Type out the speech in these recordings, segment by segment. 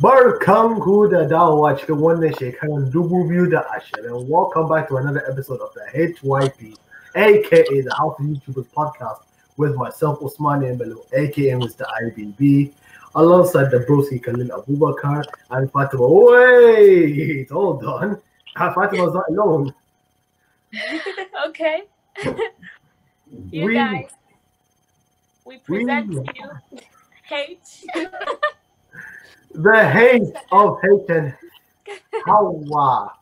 Barkanku da dawowa cikin wannan shekarar 2020. Welcome back to another episode of the HYP, aka the House YouTubers podcast, with myself, Usman Embelo, aka Mr. IBB, alongside the broski Khalil Abubakar and Fatima. Wait, hold on. Ah, Fatima's not alone. okay. you we, guys, we present we, you. the hate of Hayden. Hawa.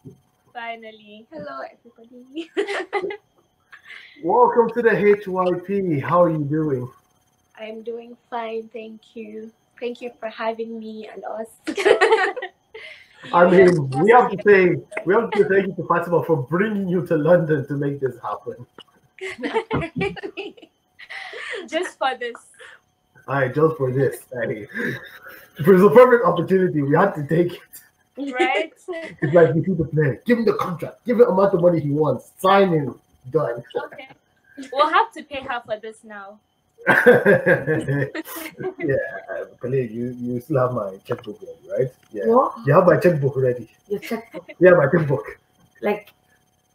Finally. Hello, everybody. Welcome to the HYP. How are you doing? I'm doing fine, thank you. Thank you for having me and us. I mean, we have to say we have to thank you to Fatima for bringing you to London to make this happen. Just for this. Alright, just for this. Like, it was a perfect opportunity. We had to take it. Right? it's like you see the plan. Give him the contract. Give him the amount of money he wants. Sign him. Done. Okay. We'll have to pay her for this now. yeah, Khalid, you, you still have my checkbook ready, right? Yeah. What? You have my checkbook ready. Your checkbook? Yeah, my checkbook. Like,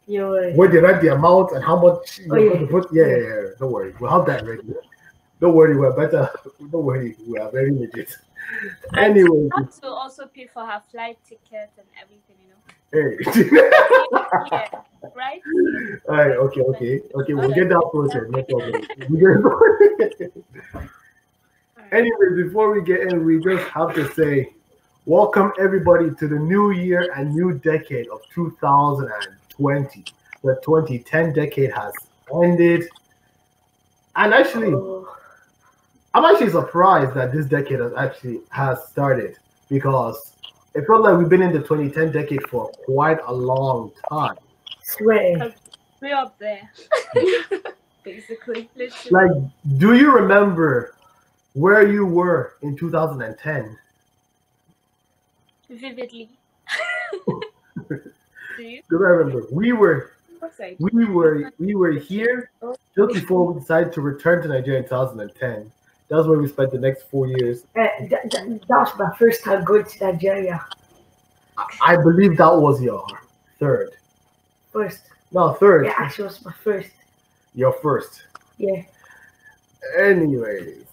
your... Where they write the amount and how much oh, you're oh, yeah. going to put? Yeah, yeah, yeah. Don't worry. We'll have that ready. Don't worry, we're better. Don't worry, we are very legit. anyway, we have to also pay for her flight ticket and everything, you know. Hey. yeah, right? All right, okay, okay. Okay, we'll get that process, no problem. anyway, before we get in, we just have to say welcome everybody to the new year and new decade of 2020. The 2010 decade has ended. And actually, oh. I'm actually surprised that this decade has actually has started because it felt like we've been in the 2010 decade for quite a long time. Swear. We're up there. Basically. Literally. Like, do you remember where you were in 2010? Vividly. do you? Do I remember? We were we were we were here oh. just before we decided to return to Nigeria in 2010. That's where we spent the next four years. Uh, that, that, my first time going to Nigeria. I, believe that was your third. First. No, third. Yeah, actually, was my first. Your first. Yeah. Anyways,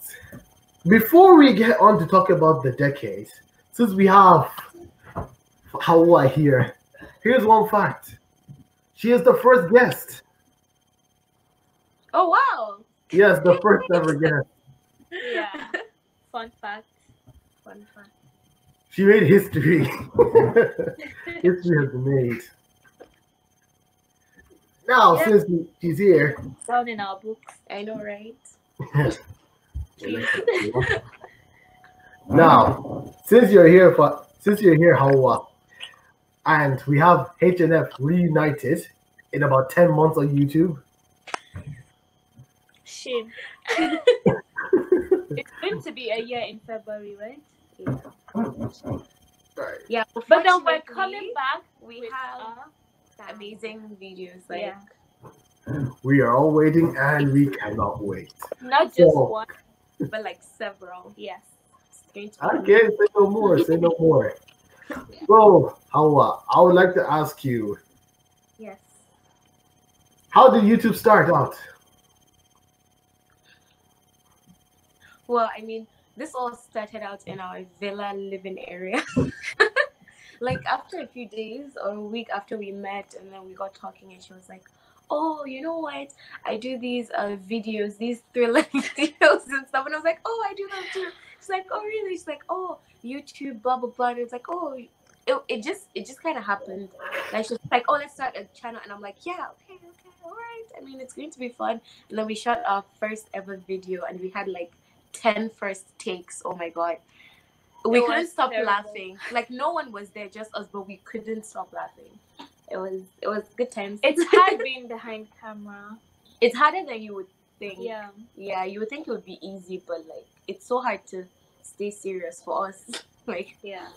before we get on to talk about the decades, since we have Hawa here, here's one fact. She is the first guest. Oh wow! Yes, the first ever guest. Yeah. Fun fact. Fun fact. She made history. history has been made. Now, yeah. since she's here. Down in our books. I know, right? now, since you're here for since you're here, Hawa, and we have HNF reunited in about 10 months on YouTube. She it's going to be a year in February, right? Yeah. Yeah, but, but then we're coming back. We have amazing videos. Like yeah. we are all waiting, and we cannot wait. Not just so. one, but like several. Yes. can't say no more. Say no more. So, Hawa, I would like to ask you. Yes. How did YouTube start out? well, I mean, this all started out in our villa living area. like after a few days or a week after we met and then we got talking and she was like, oh, you know what? I do these uh, videos, these thriller videos and stuff. And I was like, oh, I do that too. She's like, oh, really? She's like, oh, YouTube, blah, blah, blah. And it's like, oh, it, it just it just kind of happened. Like she's like, oh, let's start a channel. And I'm like, yeah, okay, okay, all right. I mean, it's going to be fun. And then we shot our first ever video and we had like 10 first takes. Oh my God. We it couldn't stop terrible. laughing. Like no one was there, just us, but we couldn't stop laughing. It was it was good times. It's hard being behind camera. It's harder than you would think. Yeah. Yeah, you would think it would be easy, but like it's so hard to stay serious for us. like yeah.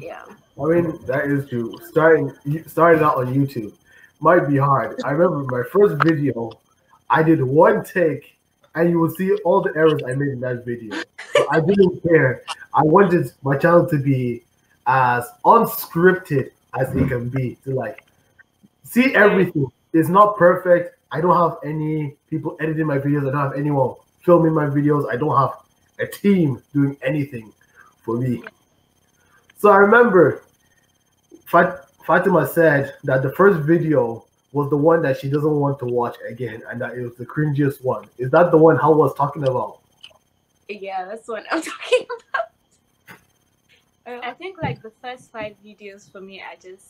Yeah. I mean, that is true. Starting starting out on YouTube might be hard. I remember my first video, I did one take and you will see all the errors I made in that video. I didn't care. I wanted my channel to be as unscripted as it can be to like see everything. It's not perfect. I don't have any people editing my videos. I don't have anyone filming my videos. I don't have a team doing anything for me. So I remember Fat Fatima said that the first video was the one that she doesn't want to watch again, and that it was the cringiest one. Is that the one Hal was talking about? Yeah, that's the one I'm talking about. I think like the first five videos for me, I just,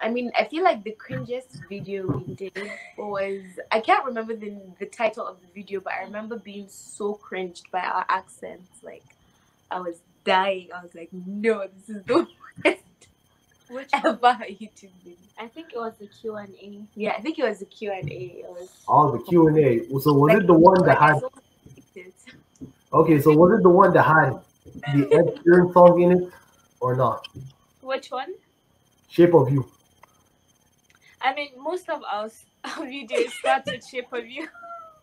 I mean, I feel like the cringiest video we did was, I can't remember the, the title of the video, but I remember being so cringed by our accents. Like, I was dying. I was like, no, this is the worst. Which ever YouTube video. I think it was the Q and A. Yeah, I think it was the Q and A. It was. Oh, the Q and A. So was like, it the one that had? Okay, so was it the one that had the Ed Sheeran song in it, or not? Which one? Shape of You. I mean, most of our videos start with Shape of You.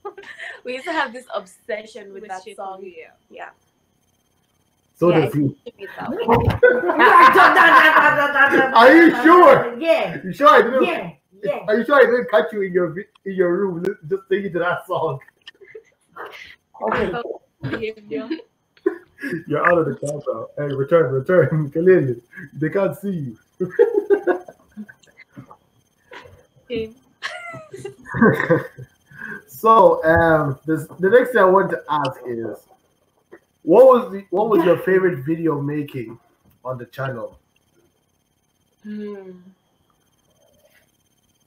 we used to have this obsession with, with that song. Yeah. yeah. Sort yeah, of. Are you sure? Yeah. You sure I Yeah. Yeah. Are you sure I didn't catch you in your in your room just singing to that song? You're out of the compound. Hey, return, return, Kalili. They can't see you. okay. so um, this, the next thing I want to ask is what was the what was your favorite video making on the channel? Hmm.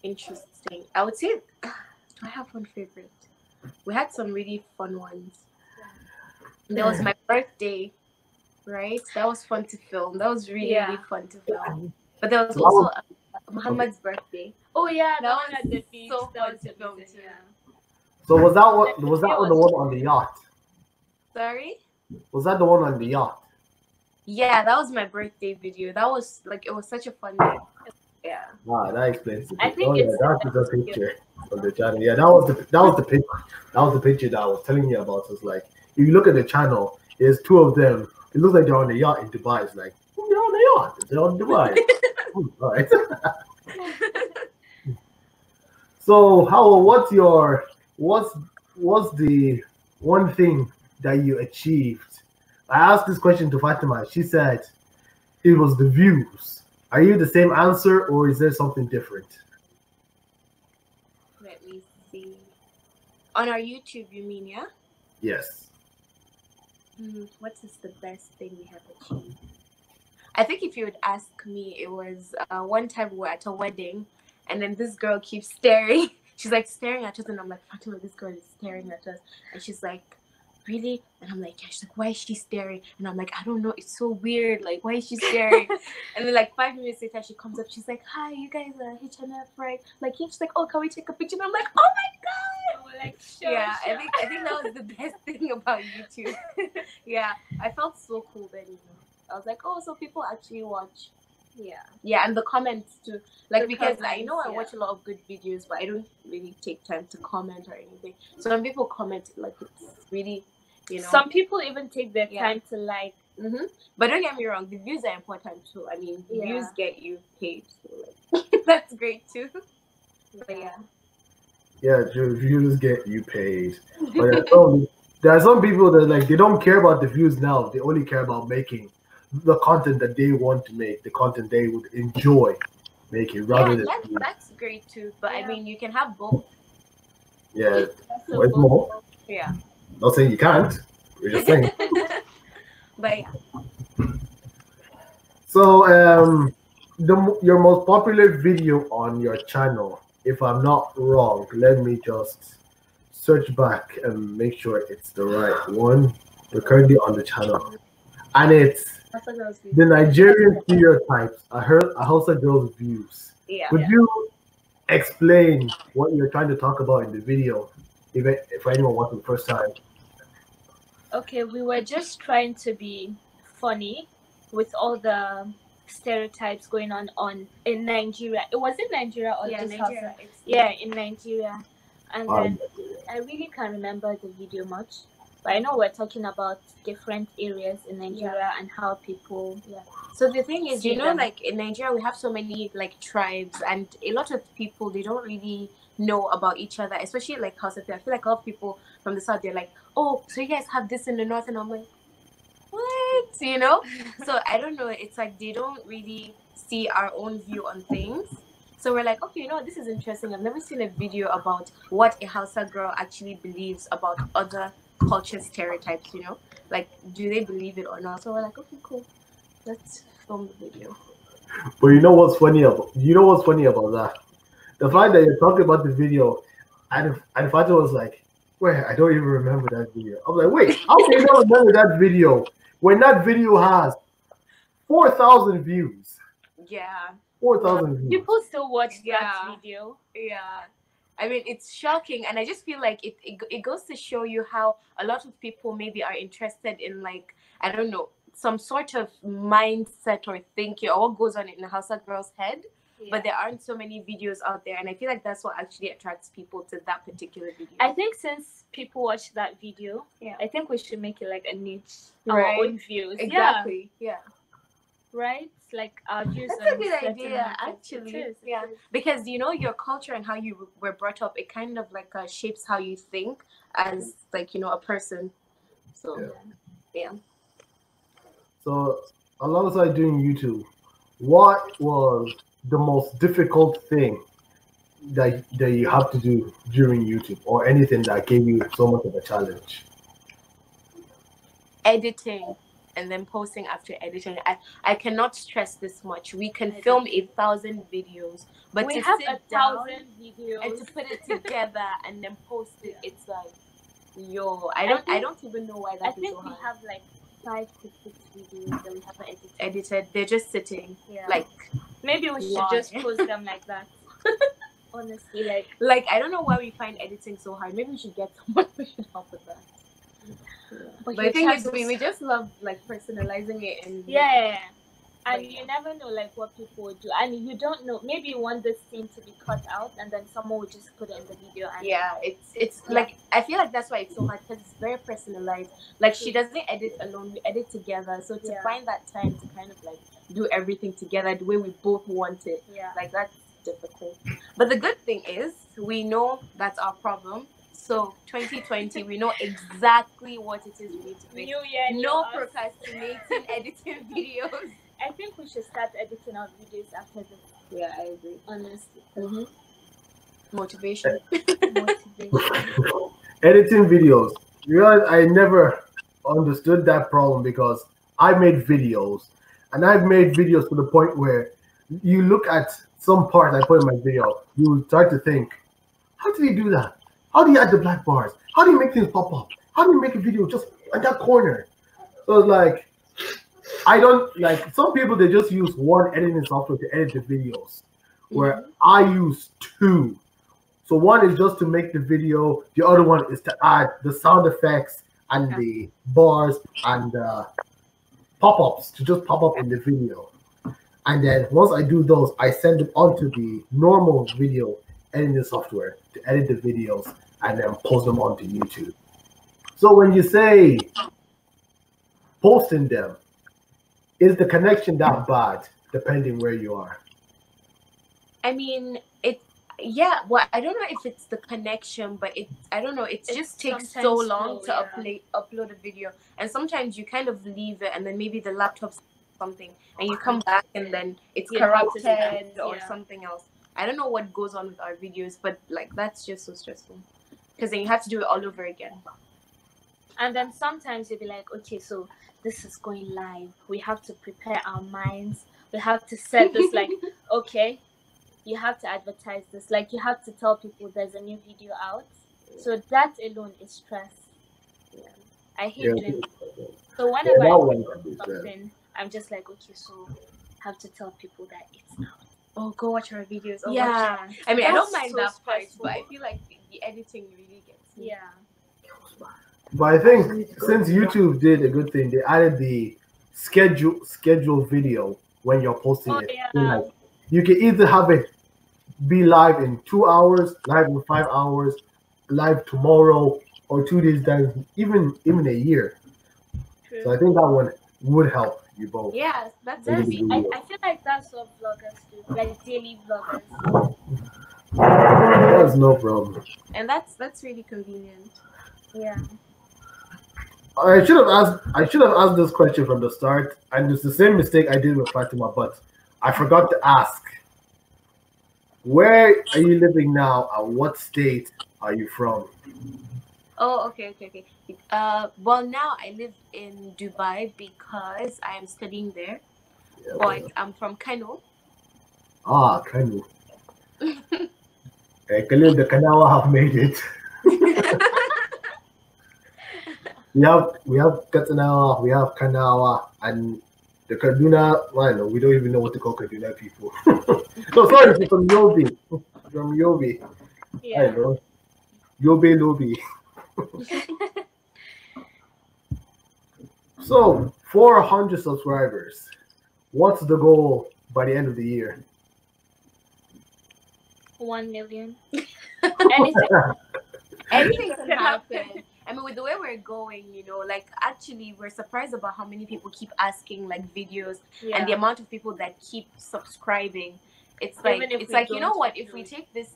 Interesting. I would say, do I have one favorite? We had some really fun ones. There was my birthday, right? That was fun to film. That was really, yeah. really fun to film. But there was also uh, Muhammad's birthday. Oh yeah, that, that one at the beach. So that was to film too. Yeah. So was that what was that the one on the yacht? Sorry. Was that the one on the yacht? Yeah, that was my birthday video. That was like it was such a fun day. Yeah. Wow, that explains it. I think oh, yeah, that's the picture on the channel. Yeah, that was the that was the picture. That was the picture that I was telling you about. It's like if you look at the channel, there's two of them. It looks like they're on the yacht in Dubai. It's like they're on the yacht. They're on Dubai. Ooh, all right. so how what's your what's what's the one thing that you achieved? I asked this question to Fatima. She said it was the views. Are you the same answer or is there something different? Let me see. On our YouTube, you mean, yeah? Yes. Mm, what is the best thing we have achieved? I think if you would ask me, it was uh, one time we were at a wedding, and then this girl keeps staring. She's like staring at us, and I'm like, Fatima, this girl is staring at us. And she's like, really? And I'm like, yeah. She's like, why is she staring? And I'm like, I don't know. It's so weird. Like, why is she staring? and then like five minutes later, she comes up. She's like, hi, you guys are HNF, right? Like, she's like, oh, can we take a picture? And I'm like, oh my god. like, sure, yeah, sure. I think I think that was the best thing about YouTube. yeah, I felt so cool then. You know, I was like, oh, so people actually watch. Yeah. Yeah, and the comments too. Like the because comments, I know I yeah. watch a lot of good videos, but I don't really take time to comment or anything. So when people comment, like it's really you know? Some people even take their yeah. time to like. Mm-hmm. But don't get me wrong, the views are important too. I mean, yeah. views get you paid, so like, that's great too. But yeah. Yeah, views get you paid. But there, are some, there are some people that like they don't care about the views now. They only care about making the content that they want to make, the content they would enjoy making, rather yeah, than. That's, that's, great too, but yeah. I mean, you can have both. Yeah, well, it's more. Yeah. Not saying you can't. We're just saying. but yeah. So um, the, your most popular video on your channel, if I'm not wrong, let me just search back and make sure it's the right one. We're currently on the channel, and it's the Nigerian stereotypes. I heard I also girls views. Yeah. Would yeah. you explain what you're trying to talk about in the video even for anyone watching the first time. Okay, we were just trying to be funny with all the stereotypes going on on in Nigeria. It was in Nigeria or yeah, Nigeria. Yeah, in Nigeria. And um, then I really can't remember the video much, but I know we're talking about different areas in Nigeria yeah. and how people. Yeah. So the thing is, you know, them. like in Nigeria, we have so many like tribes, and a lot of people they don't really know about each other, especially like House of I feel like a lot of people from the south they're like, oh, so you guys have this in the north, and I'm like, what? You know? so I don't know. It's like they don't really see our own view on things. So we're like, okay, you know, this is interesting. I've never seen a video about what a Hausa girl actually believes about other culture stereotypes. You know, like do they believe it or not? So we're like, okay, cool. Let's film the video. But you know what's funny about you know what's funny about that the fact that you're talking about the video, and and Fatima was like, "Wait, I don't even remember that video." I'm like, "Wait, how can you not remember that video when that video has four thousand views?" Yeah, four thousand views. People still watch yeah. that video. Yeah. I mean, it's shocking, and I just feel like it, it, it goes to show you how a lot of people maybe are interested in like I don't know some sort of mindset or thinking or what goes on in a Hausa girl's head but there aren't so many videos out there and i feel like that's what actually attracts people to that particular video i think since people watch that video yeah i think we should make it like a niche right. own views exactly yeah, yeah. right like our views that's a good idea actually yeah because you know your culture and how you were brought up it kind of like uh, shapes how you think as like you know a person so yeah. yeah. So alongside doing YouTube, what was the most difficult thing that that you have to do during YouTube or anything that gave you so much of a challenge? Editing and then posting after editing. I, I cannot stress this much. We can film a thousand videos, but we to have sit down and to put it together and then post it, it's like yo, I don't I, think, I don't even know why that I think we have like five to six videos that we haven't edited. They're just sitting. Yeah. Like maybe we should just post them like that. Honestly, like like I don't know why we find editing so hard. Maybe we should get someone who should help with that. Yeah. But, but the thing is, we, we just love like personalizing it and yeah. yeah and you never know like what people would do and you don't know maybe you want this scene to be cut out and then someone would just put it in the video and yeah it's it's like i feel like that's why it's so hard because it's very personalized like she doesn't edit alone we edit together so to yeah. find that time to kind of like do everything together the way we both want it yeah like that's difficult but the good thing is we know that's our problem so 2020, we know exactly what it is we need to make. New year, no procrastinating, editing videos. I think we should start editing our videos after this. Yeah, I agree. Honestly. Mm-hmm. Motivation. Motivation. Editing videos. You realize I never understood that problem because I made videos and I've made videos to the point where you look at some part I put in my video, you start to think, how did he do that? How do you add the black bars? How do you make things pop up? How do you make a video just in that corner? So it's like I don't like some people they just use one editing software to edit the videos, where mm -hmm. I use two. So one is just to make the video, the other one is to add the sound effects and yeah. the bars and the pop-ups to just pop up in the video. And then once I do those, I send them onto the normal video editing software to edit the videos and then post them onto YouTube. So when you say posting them, is the connection that bad depending where you are? I mean, it yeah, well, I don't know if it's the connection, but it I don't know, it, it just takes so long slow, to yeah. upload upload a video. And sometimes you kind of leave it and then maybe the laptop's something and you come back and then it's yeah, corrupted or something else. I don't know what goes on with our videos, but like that's just so stressful. Because then you have to do it all over again. And then sometimes you'll be like, okay, so this is going live. We have to prepare our minds. We have to set this like, okay, you have to advertise this. Like you have to tell people there's a new video out. So that alone is stress. Yeah. I hate yeah. doing it. So whenever yeah, I do something, I'm just like, okay, so I have to tell people that it's out. Oh, go watch our videos. Oh, yeah. I mean, That's I don't mind so that part, but I feel like the, the editing really gets me. Yeah. But I think since YouTube did a good thing, they added the schedule schedule video when you're posting oh, it. Yeah. So you can either have it be live in two hours, live in five hours, live tomorrow, or two days down, even even a year. True. So I think that one would help you both. Yes, that's it. I, I feel like that's what vloggers do, like daily vloggers. That's no problem. And that's that's really convenient. Yeah. I should have asked. I should have asked this question from the start, and it's the same mistake I did with Fatima, but I forgot to ask. Where are you living now, and what state are you from? Oh, okay, okay, okay. Uh, well, now I live in Dubai because I am studying there. Yeah, but I'm from Kano. Ah, Kano. uh, eh, Khalil, the Kanawa have made it. we have we have Katanawa, we have Kanawa, and the Kaduna. Well, we don't even know what to call Kaduna people. no, sorry, from Yobe, from Yobe. Yeah. I know. Yobe Lobi. so, 400 subscribers. What's the goal by the end of the year? One million. anything, anything can happen. I mean, with the way we're going, you know, like actually we're surprised about how many people keep asking like videos yeah. and the amount of people that keep subscribing. It's like it's like you know what? If we take this,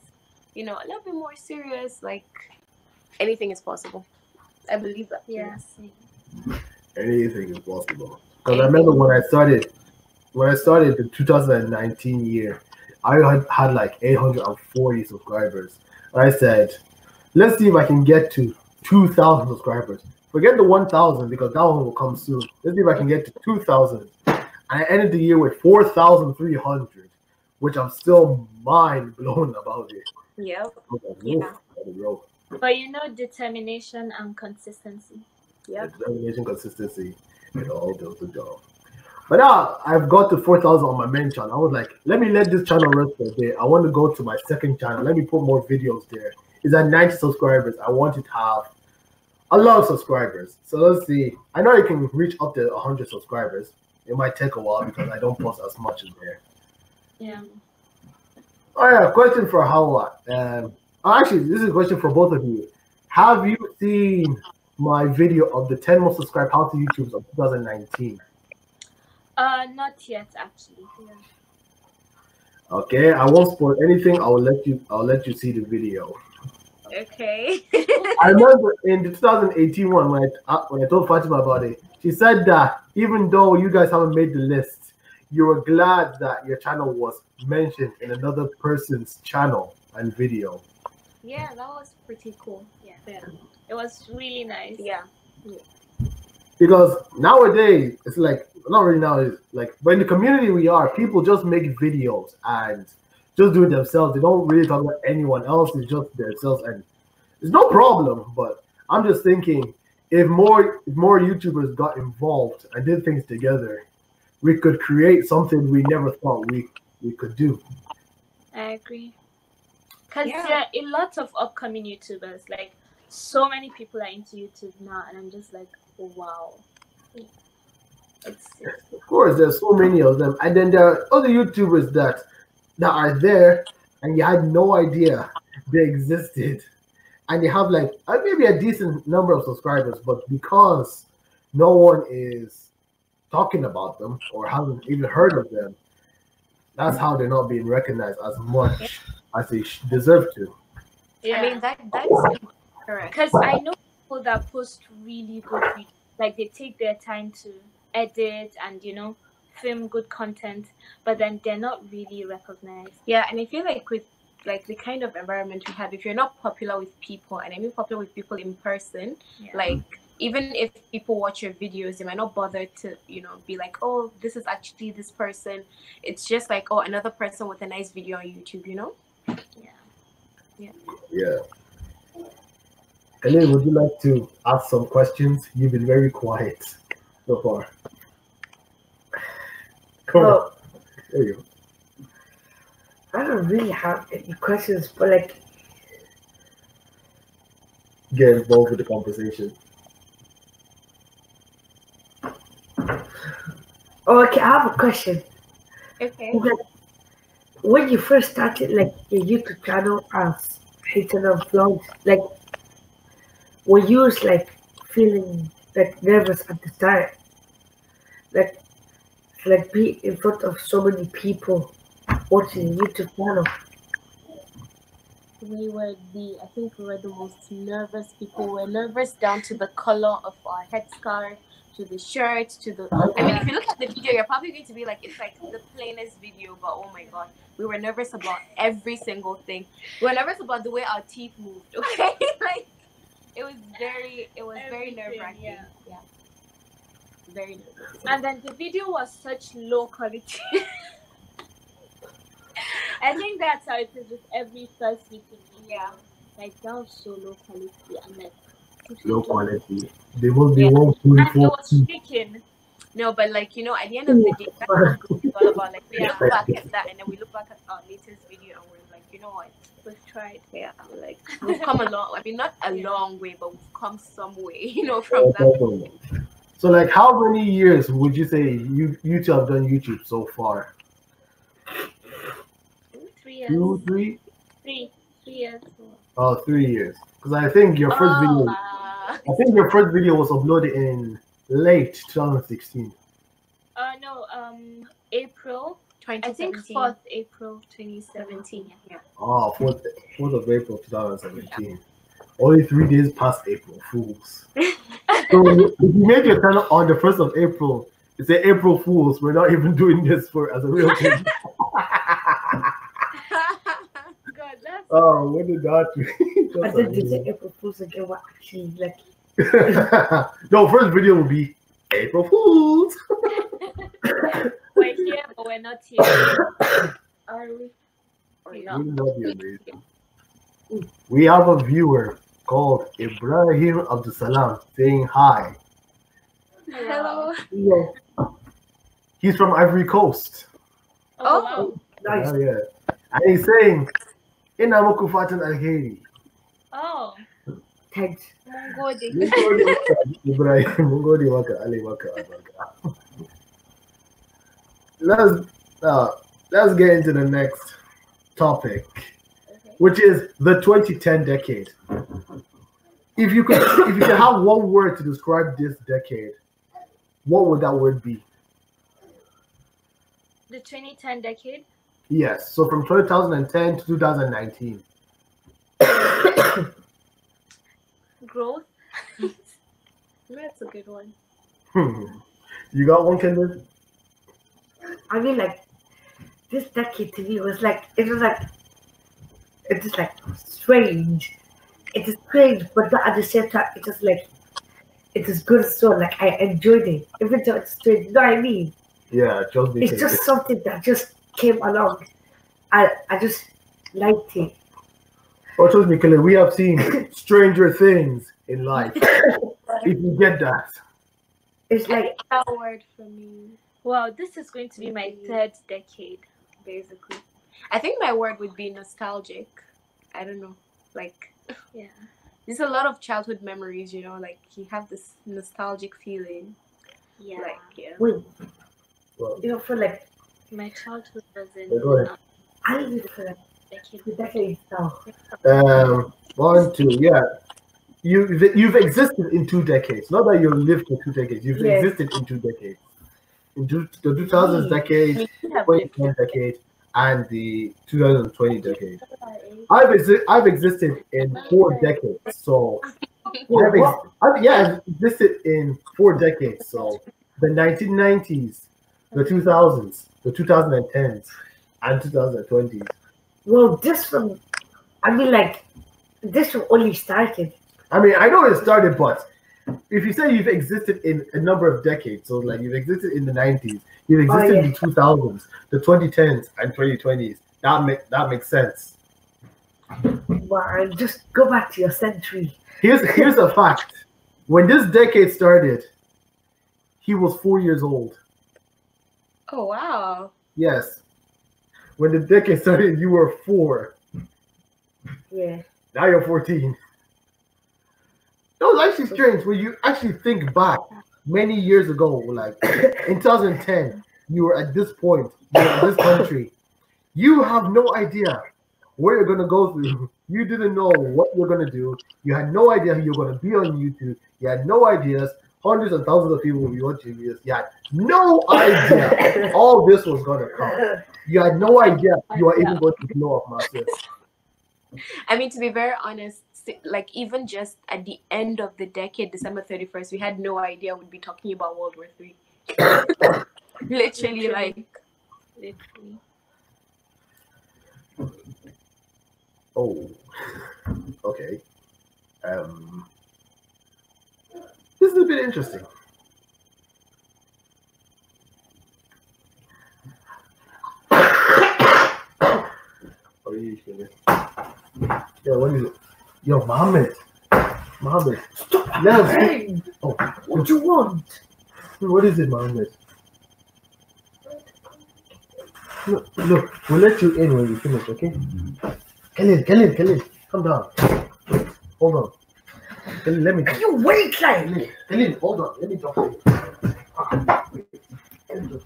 you know, a little bit more serious, like anything is possible. I believe that. Yes. Yeah. Anything is possible. Because I remember when I started, when I started the 2019 year, I had, had like 840 subscribers. I said, let's see if I can get to 2,000 subscribers. Forget the 1,000 because that one will come soon. Let's see if I can get to 2,000. I ended the year with 4,300, which I'm still mind blown about it. Yep. Yeah. But you know, determination and consistency. Yep. Determination, consistency, it all does the job. But now I've got to 4,000 on my main channel. I was like, let me let this channel rest for a day. I want to go to my second channel. Let me put more videos there. It's at 90 subscribers. I want it to have a lot of subscribers. So let's see. I know I can reach up to 100 subscribers. It might take a while because I don't post as much in there. Yeah. Oh yeah, question for Hawa. Um, oh, actually, this is a question for both of you. Have you seen my video of the 10 most subscribed how to YouTubes of 2019? Uh, not yet, actually. Yeah. Okay, I won't spoil anything. I'll let you. I'll let you see the video. Okay. I remember in 2018 one when I, uh, when I told Fatima about it, she said that even though you guys haven't made the list, you were glad that your channel was mentioned in another person's channel and video. Yeah, that was pretty cool. Yeah. yeah. It was really nice. Yeah. yeah. Because nowadays, it's like, not really nowadays, like, but in the community we are, people just make videos and – just do it themselves. They don't really talk about anyone else. It's just themselves, and it's no problem. But I'm just thinking, if more if more YouTubers got involved and did things together, we could create something we never thought we we could do. I agree, because yeah. there are a lot of upcoming YouTubers. Like so many people are into YouTube now, and I'm just like, wow. It's, it's... Of course, there's so many of them, and then there are other YouTubers that that are there and you had no idea they existed. And you have like uh, maybe a decent number of subscribers, but because no one is talking about them or hasn't even heard of them, that's how they're not being recognized as much as they deserve to. Yeah, I mean that that's oh. correct. Because I know people that post really good videos, like they take their time to edit and you know film good content but then they're not really recognized yeah and i feel like with like the kind of environment we have if you're not popular with people and i mean popular with people in person yeah. like even if people watch your videos they might not bother to you know be like oh this is actually this person it's just like oh another person with a nice video on youtube you know yeah yeah yeah Ellen, would you like to ask some questions? You've been very quiet so far. Carl. There you go. I don't really have any questions, but like. Get involved with the conversation. Oh, okay, I have a question. Okay. When you first started like your YouTube channel as Hating of Vlogs, like were you like feeling like nervous at the start? Like like be in front of so many people watching YouTube channel? We were the, I think we were the most nervous people. We are nervous down to the color of our headscarf, to the shirt, to the. I mean, if you look at the video, you're probably going to be like, it's like the plainest video, but oh my god, we were nervous about every single thing. We were nervous about the way our teeth moved. Okay, like it was very, it was Everything, very nerve wracking. yeah. yeah very And then the video was such low quality. I think that's how it is with every first meeting. Yeah. Like that was so low quality. I'm like low quality. They won't be yeah. and was No, but like you know, at the end of the day, that's all about. Like we look back at that, and then we look back at our latest video, and we're like, you know what, we've tried. Yeah, I'm like we've come a long. I mean, not a long way, but we've come some way. You know, oh, from that. Oh, oh. So like how many years would you say you you two have done YouTube so far? three years. Two, three? Three. Three years. Oh, three years. Because I think your first oh, video I think your first video was uploaded in late 2016. Uh no, um April I think 4th April 2017. Yeah. Oh, 4th, 4th of April 2017. Yeah only three days past April, fools. so if you made your channel on the 1st of April, it's say April Fools. We're not even doing this for as a real thing. oh, what did that do? I said it's April Fools again. What? are actually lucky. no, first video will be April Fools. we're here, but we're not here. Are we? Are we, we love you, amazing. We have a viewer called Ibrahim Abdul Salam saying hi. Hello. Yeah, He's from Ivory Coast. Oh, oh nice. Yeah, yeah. And he's saying, Ina Moku Fatan Alheri. Oh. Tagged. let's uh, let's get into the next topic which is the 2010 decade. If you could, if you could have one word to describe this decade, what would that word be? The 2010 decade. Yes. So from 2010 to 2019. Growth. That's a good one. Hmm. You got one, Kendall? I mean, like this decade to me was like it was like it is like strange. It is strange, but at the same time, it is like it is good so like I enjoyed it. Even though it's strange, you know what I mean? Yeah, it's just it. something that just came along. I I just liked it. Well, oh, trust me, Kelly, we have seen stranger things in life. if you get that. It's like that word for me. Wow, this is going to be my third decade, basically. I think my word would be nostalgic. I don't know. Like yeah. There's a lot of childhood memories, you know, like you have this nostalgic feeling. Yeah. Like yeah. Wait. Well, you know, for like my childhood wasn't um, I did for like decades now. Um one, two, yeah. You you've existed in two decades. Not that you lived for two decades, you've yes. existed in two decades. In two, the 2000s decade, 2010 decade, and the 2020 decade. I've, exi- I've existed in four decades, so I've ex- I've, yeah, I've existed in four decades. So the 1990s, the 2000s, the 2010s, and 2020s. Well, this from, I mean, like, this only started. I mean, I know it started, but if you say you've existed in a number of decades, so like you've existed in the 90s, you've oh, existed oh, yeah. in the 2000s, the 2010s, and 2020s, that make that makes sense. Well, just go back to your century. Here's here's a fact: when this decade started, he was four years old. Oh wow! Yes, when the decade started, you were four. Yeah. Now you're 14. It was actually strange when you actually think back many years ago, like in 2010, you were at this point in this country. You have no idea where you're gonna go through. You didn't know what you're gonna do. You had no idea who you're gonna be on YouTube. You had no ideas. Hundreds and thousands of people will be watching this. You had no idea all this was gonna come. You had no idea you were even going to blow up this. I mean, to be very honest, like even just at the end of the decade, December 31st, we had no idea we'd be talking about World War Three. literally, literally, like literally. Oh, okay. Um, this is a bit interesting. yeah, one minute. Yo, Mohammed. Mohammed. Stop yes. Hey. Oh. What do you want? What is it, Mohammed? Look, look, we'll let you in when you finish, okay? Khalil, Khalil, Khalil, come down. Hold on. Khalil, let me. Can you wait, Khalil? Khalil, hold on. Let me talk to you.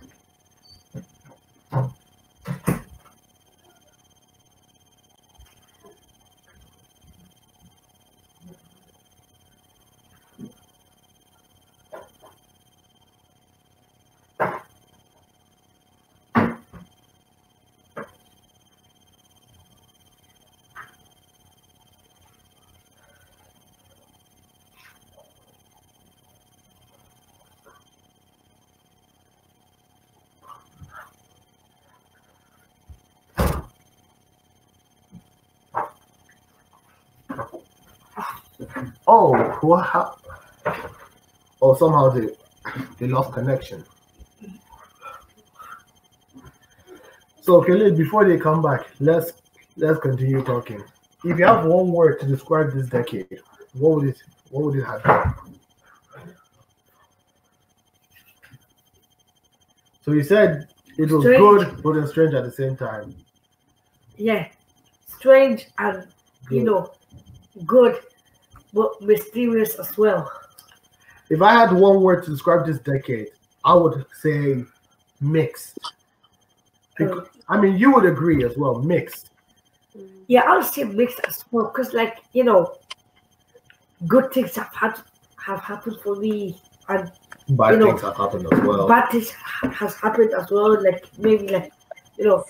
Oh, happened? Oh, somehow they, they lost connection. So, Kelly, before they come back, let's let's continue talking. If you have one word to describe this decade, what would it what would it have been? So you said it was strange. good, but and strange at the same time. Yeah, strange and good. you know, good but mysterious as well. If I had one word to describe this decade, I would say mixed. Because, um, I mean, you would agree as well, mixed. Yeah, I would say mixed as well, because like you know, good things have had have happened for me, and bad you know, things have happened as well. Bad things has happened as well. Like maybe like you know,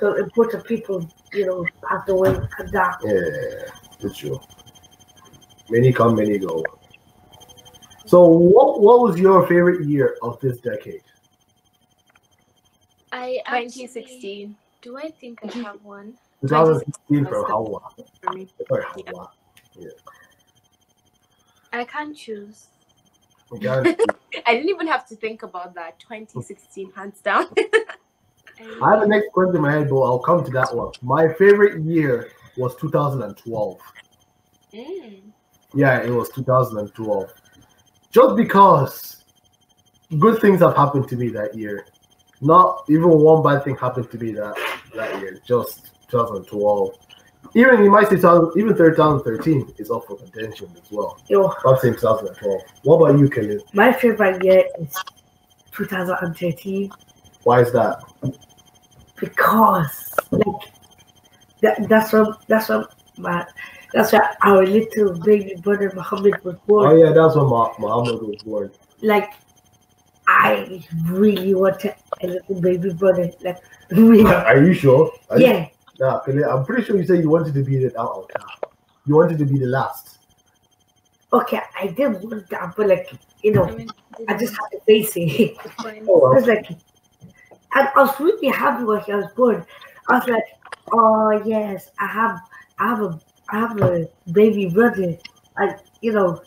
so important people you know passed away and that. Yeah, for sure. Many come, many go. So, what, what was your favorite year of this decade? I 2016. Do I think I have one? 2016 for Hawa. For me. Hawa. Yeah. I can't choose. I didn't even have to think about that. 2016, hands down. I have the next question in my head, but I'll come to that one. My favorite year was 2012. Mm. Yeah, it was 2012. Just because good things have happened to me that year. Not even one bad thing happened to me that, that year. Just 2012. Even you might say even 2013 is up for contention as well. Yo. I'm saying 2012. What about you, Kelly? My favorite year is 2013. Why is that? Because like that, that's what that's what my that's where our little baby brother Muhammad was born. Oh yeah, that's where Muhammad was born. Like, I really wanted a little baby brother. Like, really. Are you sure? Are yeah. You, nah, I'm pretty sure you said you wanted to be the oh, uh, nah. you wanted to be the last. Okay, I did want that, but like you know, I, just had to face it. oh, I was like, I, I was really happy when I was born. I was like, oh yes, I have, I have a I have a baby brother. I, you know.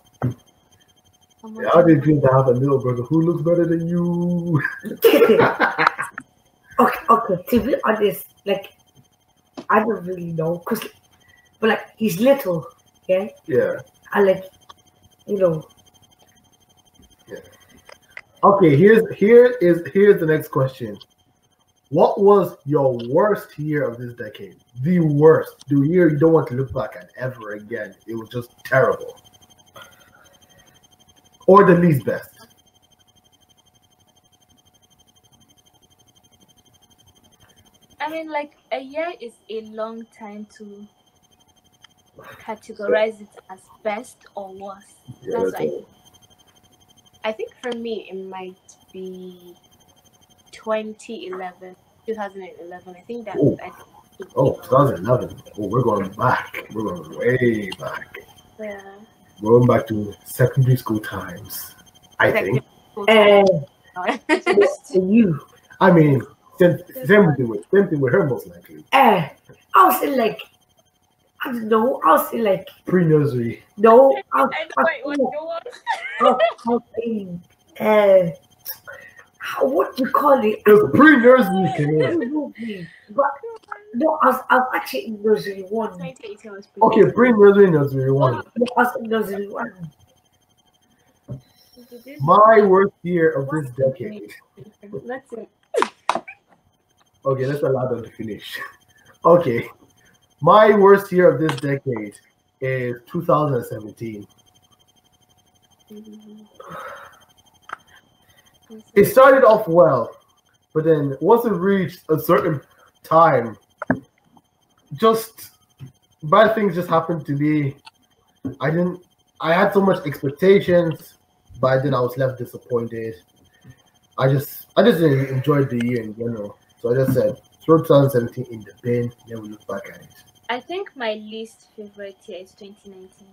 Oh yeah, I didn't dream to have a little brother who looks better than you. okay, okay. To be honest, like I don't really know, cause, but like he's little, yeah. Yeah. I like, you know. Yeah. Okay. Here's here is here's the next question. What was your worst year of this decade? The worst. The year you don't want to look back at ever again. It was just terrible. Or the least best. I mean, like a year is a long time to categorize it as best or worst. Yeah, that's right. I think for me, it might be 2011. 2011. I think that Oh, I think, oh, 2011. Oh, we're going back. We're going way back. Yeah. Going back to secondary school times, I secondary think. And uh, to you. I mean, same, same thing with same thing with her most likely. Uh, I was in like, I don't know. I was in like pre nursery. No, I was, I know I was, I was, I was in uh, what you call it? It's pre-nursery But no, I as actually in nursery one. Okay, pre-nursery nursery one. No, nursery one. My worst year of this decade. That's it. Okay, let's allow them to finish. Okay, my worst year of this decade is 2017. Mm -hmm it started off well, but then once it reached a certain time, just bad things just happened to me. I didn't. I had so much expectations, but then I was left disappointed. I just, I just enjoyed the year in general. So I just said, throw 2017 in the bin, then we look back at it. I think my least favorite year is 2019.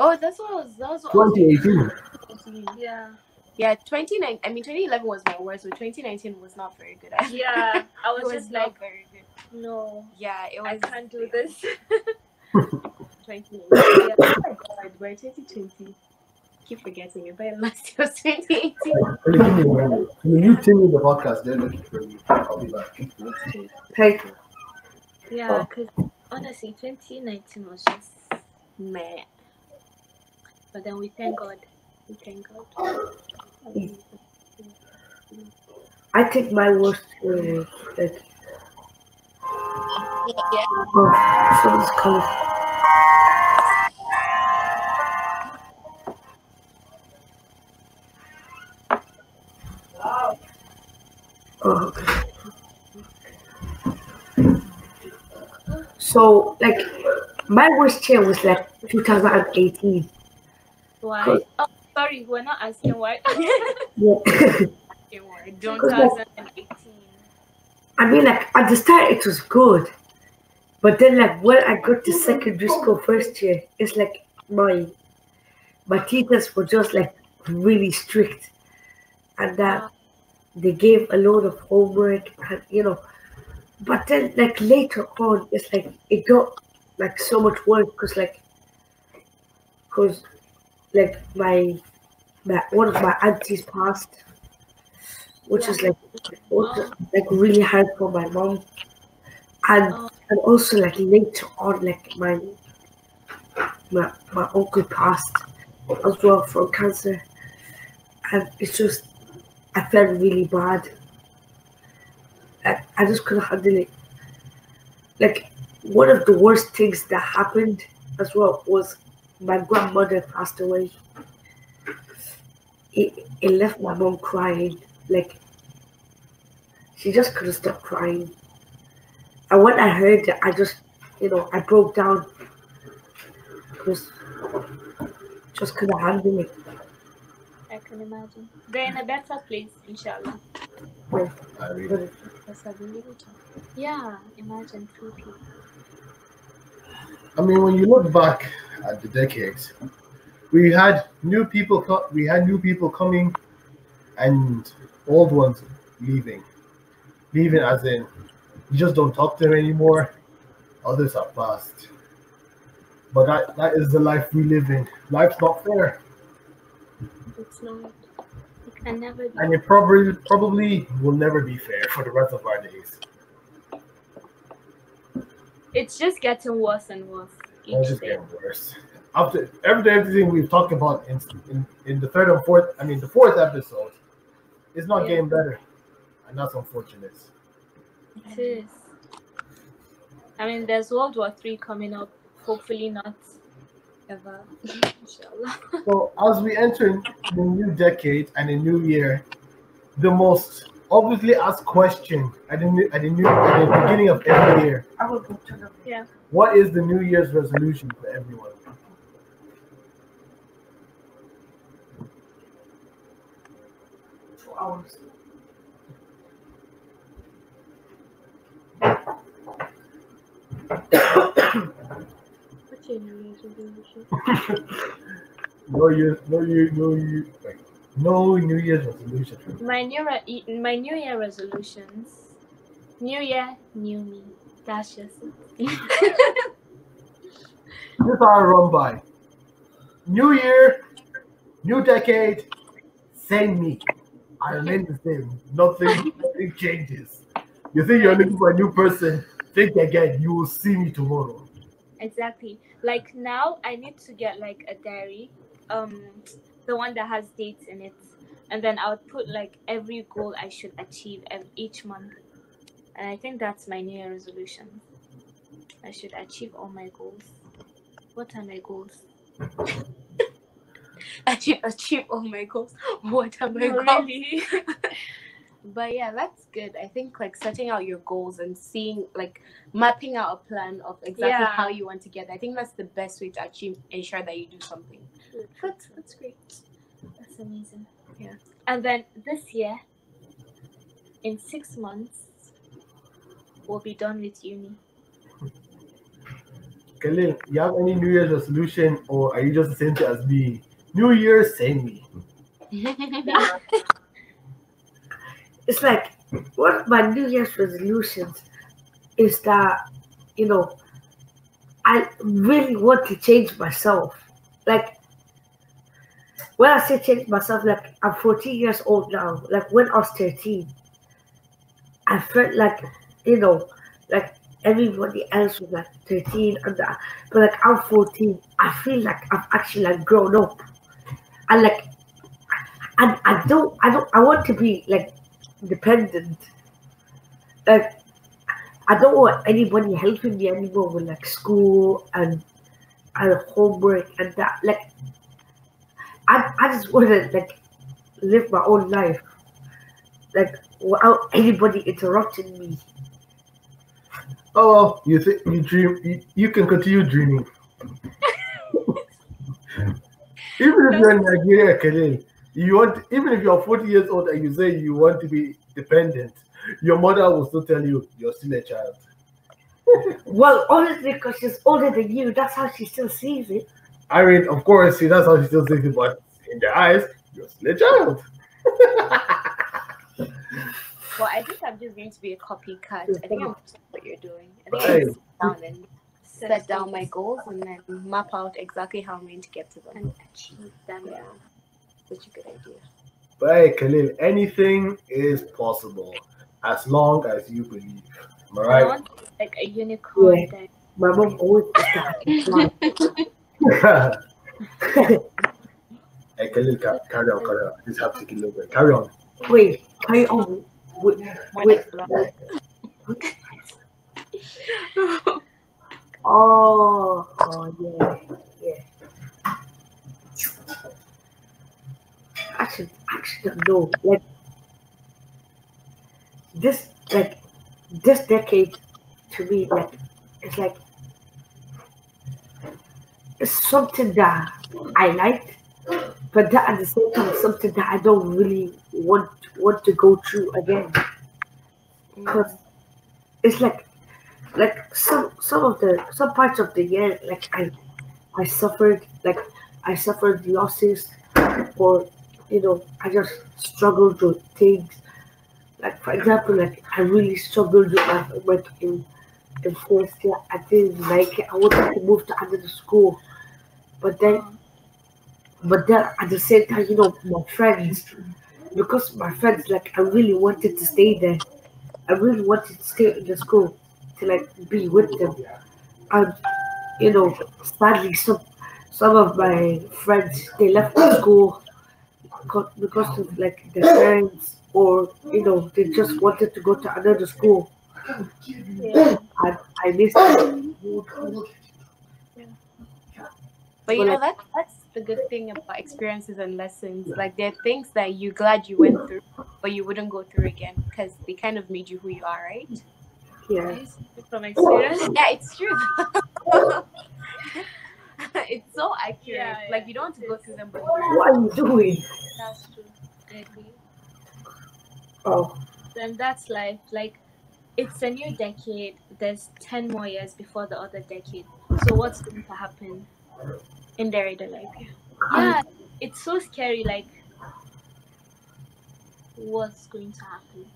Oh, that's what I was. That was 2018. Yeah yeah 2019 i mean 2011 was my worst but 2019 was not very good either. yeah i was, was just like very good no yeah it was i can't do this 2019 yeah, oh my god we're 2020 keep forgetting it but last year was 2018 when you tell me the podcast then i'll be back hey yeah because oh. honestly 2019 was just meh but then we thank god we thank god I think my worst fear is that. Yeah. Oh, someone's calling. Oh, okay. So, like, my worst year was like 2018. Why? Oh, sorry, we're not asking why. word. 2018. I mean, like at the start it was good, but then like when I got to secondary school first year, it's like my my teachers were just like really strict, and that uh, they gave a lot of homework, and you know. But then like later on, it's like it got like so much work because like because like my my one of my aunties passed, which yeah. is like like really hard for my mom, and oh. and also like later on, like my my my uncle passed as well from cancer, and it's just I felt really bad. I, I just couldn't handle it. Like one of the worst things that happened as well was my grandmother passed away it, it left my mom crying. Like, she just couldn't stop crying. And when I heard it, I just, you know, I broke down because just couldn't handle it. I can imagine. They're in a better place, inshallah. Yeah, yeah imagine two people. I mean, when you look back at the decades, we had new people we had new people coming and old ones leaving leaving as in you just don't talk to them anymore others have passed. but that, that is the life we live in life's not fair it's not it can never be. and it probably probably will never be fair for the rest of our days it's just getting worse and worse each it's just day. getting worse after every everything we've talked about in, in, in the third and fourth, I mean the fourth episode, it's not yeah. getting better, and that's unfortunate. It is. I mean, there's World War Three coming up. Hopefully not ever. Inshallah. So as we enter the new decade and a new year, the most obviously asked question at the new, at the new at the beginning of every year. I will go to the yeah. What is the New Year's resolution for everyone? two hours. What's your New Year's resolution? no year, no year, no year, no New Year's resolution. My new re- my New Year resolutions, New Year, new me. That's just This are run by. New Year, new decade, same me. I remain the same. Nothing, nothing changes. You think you're looking for a new person? Think again. You will see me tomorrow. Exactly. Like now, I need to get like a diary, um, the one that has dates in it, and then I will put like every goal I should achieve each month. And I think that's my New Year resolution. I should achieve all my goals. What are my goals? achieve, achieve all oh my goals. What am I going? but yeah, that's good. I think like setting out your goals and seeing like mapping out a plan of exactly yeah. how you want to get. There. I think that's the best way to achieve ensure that you do something. That's that's great. That's amazing. Yeah. And then this year, in six months, we'll be done with uni. Khalil, you have any New Year's resolution, or are you just the same as me? New Year, send me. it's like one of my New Year's resolutions is that you know I really want to change myself. Like when I say change myself, like I'm 14 years old now. Like when I was 13, I felt like you know, like everybody else was like 13 and that, but like I'm 14. I feel like I've actually like grown up. I like I, I don't I don't I want to be like dependent. Like I don't want anybody helping me anymore with like school and and homework and that like I I just wanna like live my own life. Like without anybody interrupting me. Oh, you think you dream? You, you can continue dreaming. Even if you're in Nigeria, Khalil, you want even if you're 40 years old and you say you want to be dependent, your mother will still tell you you're still a child. well, honestly, because she's older than you, that's how she still sees it. I mean, of course, see, that's how she still sees it, but in your eyes, you're still a child. well, I think I'm just going to be a copycat. I think I'm just what you're doing. I think right set down my goals and then map out exactly how I'm going to get to them and achieve them. Yeah, such a good idea. But hey, Khalil, anything is possible as long as you believe. Am I right? like a unicorn. Yeah. My mom always Hey, Khalil, carry on, carry on. I just have to take a little bit. Carry on. Wait, carry on. Wait, wait. wait. Oh, oh yeah, yeah. Actually, actually, no. Like this, like this decade to me, like it's like it's something that I like, but that at the same time something that I don't really want want to go through again. Because mm. it's like like some some of the some parts of the year like i i suffered like i suffered losses or you know i just struggled with things like for example like i really struggled with my homework in in first year i didn't like it i wanted to move to another school but then but then at the same time you know my friends because my friends like i really wanted to stay there i really wanted to stay in the school to like be with them. And you know, sadly, some some of my friends they left the school because of like their parents or you know they just wanted to go to another school. Yeah. And I missed them. But you know that that's the good thing about experiences and lessons. Like there are things that you're glad you went through, but you wouldn't go through again because they kind of made you who you are, right? here. From experience? Yeah, it's true. it's so accurate. Yeah, yeah. Like you don't want to go to them. But what are you doing? That's true. Oh. Then that's life. Like it's a new decade. There's ten more years before the other decade. So what's going to happen in their other life? Um, yeah, it's so scary. Like what's going to happen?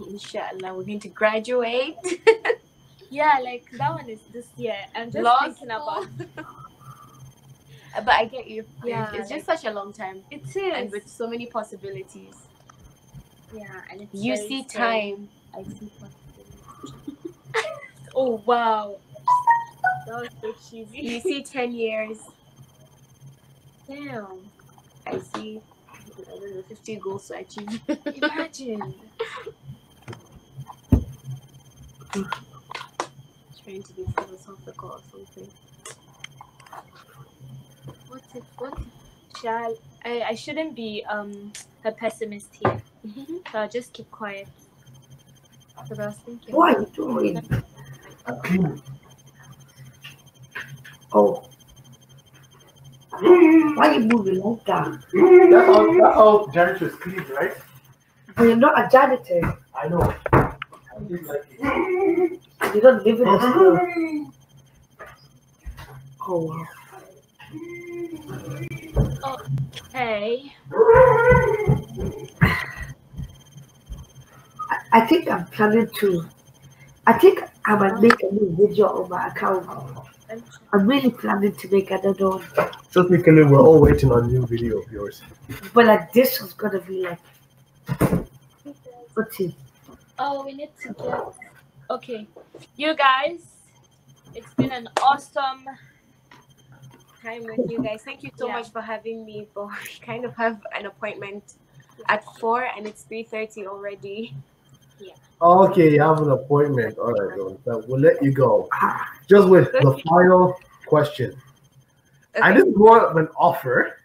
Inshallah, we're going to graduate. yeah, like that one is this year. I'm just Law thinking about. but I get you. Yeah, it's like, just such a long time. It is, and with so many possibilities. Yeah, and you see scary. time. I see possibilities. oh wow, that was so cheesy. You see ten years. Damn, I see. I fifty goals to achieve. Imagine. Trying to be philosophical or something. What if, what if, shall I, I shouldn't be um a pessimist here. Mm-hmm. so I'll just keep quiet. What I was thinking. you doing? oh. Why are you moving like that? That's all, that's all janitors clean, right? But you're not a janitor. I know. I like it. You don't live in a school. Oh wow. Okay. I think I'm planning to. I think I might make a new video on my account. I'm really planning to make another one. Technically, we're all waiting on a new video of yours. But like this is gonna be like. What's it? Oh, we need to get Okay, you guys, it's been an awesome time with you guys. Thank you so yeah. much for having me. But we kind of have an appointment at four, and it's three thirty already. Yeah. Okay, I have an appointment. All right, so we'll let you go. Just with the final question. Okay. I just want an offer.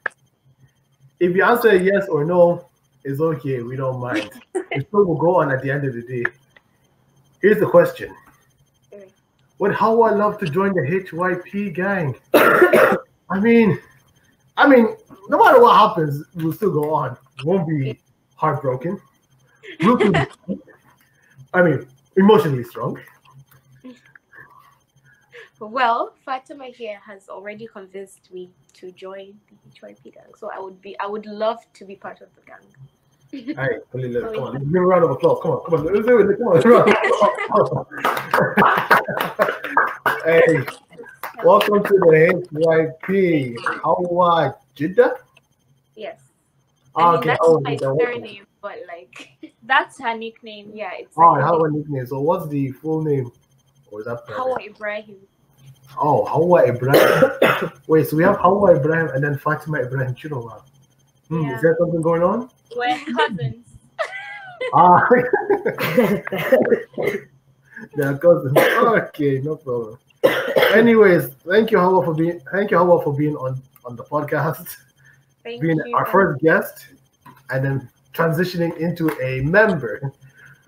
If you answer yes or no, it's okay. We don't mind. We still will go on at the end of the day. Here's the question. Would how I love to join the HYP gang? I mean, I mean, no matter what happens, we'll still go on. Won't be heartbroken. We'll be, I mean, emotionally strong. Well, Fatima here has already convinced me to join the HYP gang, so I would be, I would love to be part of the gang. All right, Khalil, oh, come on. Yeah. Give a round of applause. Come on, come on. Let's do it. Come on. Let's round. hey, welcome to the HYP. How are Jida? Yes. Ah, I mean, okay. That's oh, my surname, but like, that's her nickname. Ah, yeah. It's oh, how I a nickname. So, what's the full name? Or is that Hawa Ibrahim. Oh, Hawa Ibrahim. Wait, so we have Hawa Ibrahim and then Fatima Ibrahim You Chiroma. Hmm, yeah. Is there something going on? We're cousins. ah. They're cousins. Okay, no problem. Anyways, thank you, Howard, for being thank you, Howard, for being on on the podcast, thank being you. our first guest, and then transitioning into a member.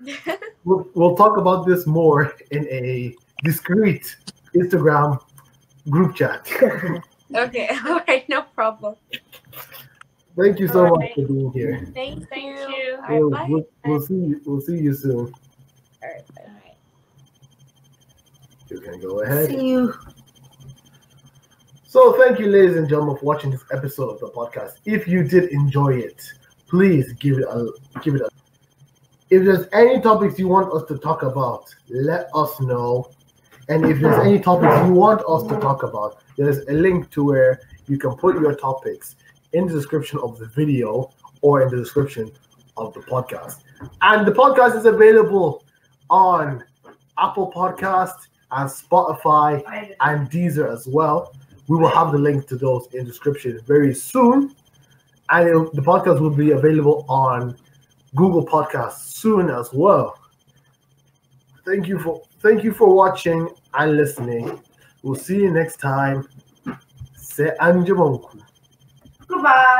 we'll, we'll talk about this more in a discreet Instagram group chat. okay, all right, no problem. Thank you so right. much for being here. Thank, thank you. We'll, we'll, we'll, see you. We'll see you soon. All right. All right. You can go ahead. See you. So thank you, ladies and gentlemen, for watching this episode of the podcast. If you did enjoy it, please give it a give it a. If there's any topics you want us to talk about, let us know. And if there's any topics you want us to talk about, there's a link to where you can put your topics in the description of the video or in the description of the podcast. And the podcast is available on Apple Podcast and Spotify and Deezer as well. We will have the link to those in description very soon. And it, the podcast will be available on Google Podcasts soon as well. Thank you for thank you for watching and listening. We'll see you next time. Say Anjamonku. goodbye。